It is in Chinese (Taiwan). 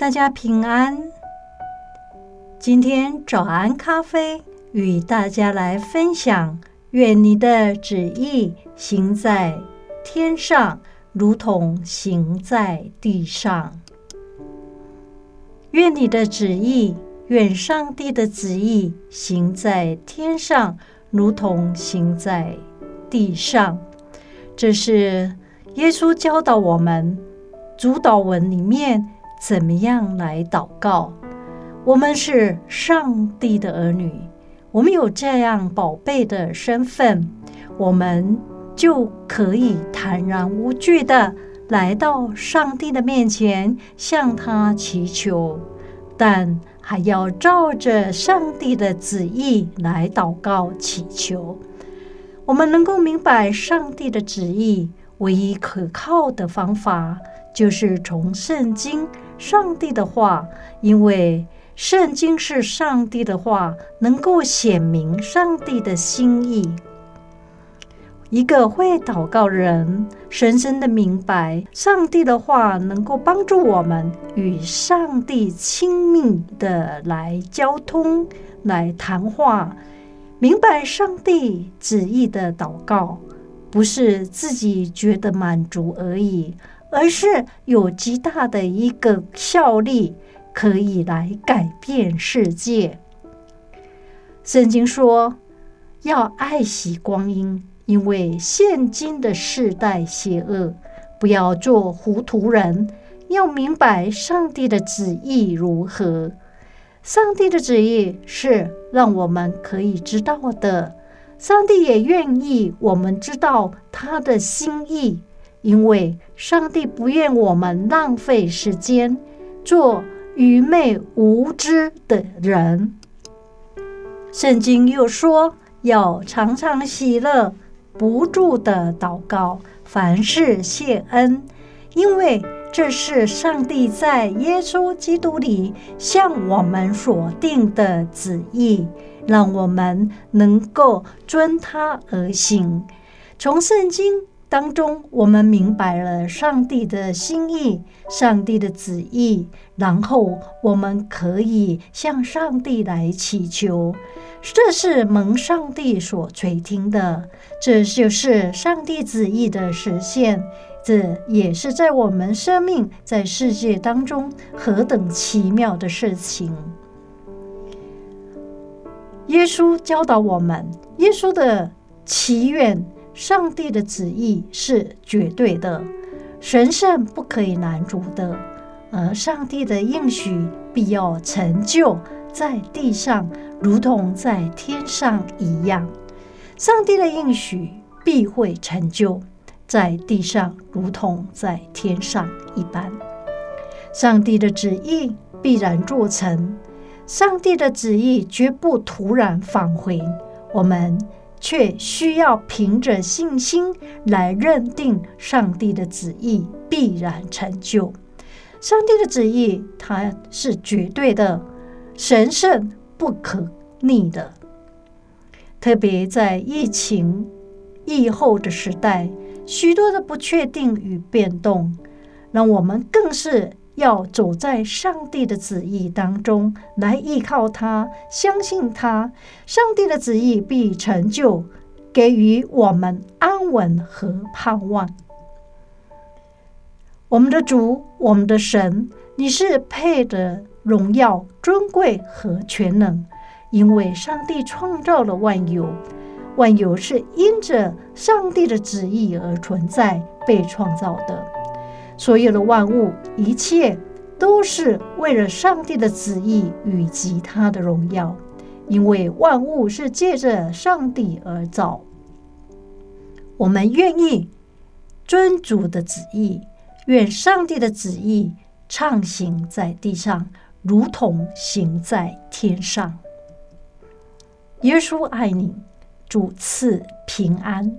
大家平安。今天早安咖啡與大家來分享：願你的旨意行在天上，如同行在地上。願你的旨意，願上帝的旨意行在天上，如同行在地上。這是耶穌教導我們主禱文裡面，怎麼樣來禱告？我們是上帝的兒女，我們有這樣寶貝的身份，我們就可以坦然無懼的來到上帝的面前，向他祈求，但還要照着上帝的旨意來禱告祈求。我們能夠明白上帝的旨意，唯一可靠的方法就是從聖經。上帝的話，因為聖經是上帝的話，能夠顯明上帝的心意。一個會禱告人，深深的明白上帝的話，能夠幫助我們與上帝親密的來交通、來談話，明白上帝旨意的禱告，不是自己覺得滿足而已。而是有極大的一個效力，可以來改變世界。聖經說，要愛惜光陰，因為現今的世代邪惡，不要做糊塗人，要明白上帝的旨意如何。上帝的旨意是讓我們可以知道的，上帝也願意我們知道他的心意。因為上帝不願我們浪費時間做愚昧無知的人。聖經又說，要常常喜樂，不住的禱告，凡事謝恩，因為這是上帝在耶穌基督裡向我們所定的旨意，讓我們能夠尊他而行。從聖經。當中，我們明白了上帝的心意、上帝的旨意，然後我們可以向上帝來祈求，這是蒙上帝所垂聽的，這就是上帝旨意的實現，這也是在我們生命、在世界當中何等奇妙的事情。耶穌教導我們，耶穌的祈願。上帝的旨意是絕對的，神聖不可以攔阻的，而上帝的應許必要成就在地上，如同在天上一樣。上帝的應許必會成就在地上，如同在天上一般。上帝的旨意必然做成，上帝的旨意絕不徒然返回我們。卻需要憑着信心來認定上帝的旨意必然成就。上帝的旨意，它是絕對的、神聖不可逆的。特別在疫情疫後的時代，許多的不確定與變動，讓我們更是。要走在上帝的旨意當中，來依靠他，相信他。上帝的旨意必成就，給予我們安穩和盼望。我們的主，我們的神，你是配得榮耀、尊貴和全能，因為上帝創造了萬有，萬有是因着上帝的旨意而存在、被創造的。所有的萬物，一切都是為了上帝的旨意以及他的榮耀，因為萬物是借着上帝而造。我們願意遵主的旨意，願上帝的旨意暢行在地上，如同行在天上。耶穌愛你，主賜平安。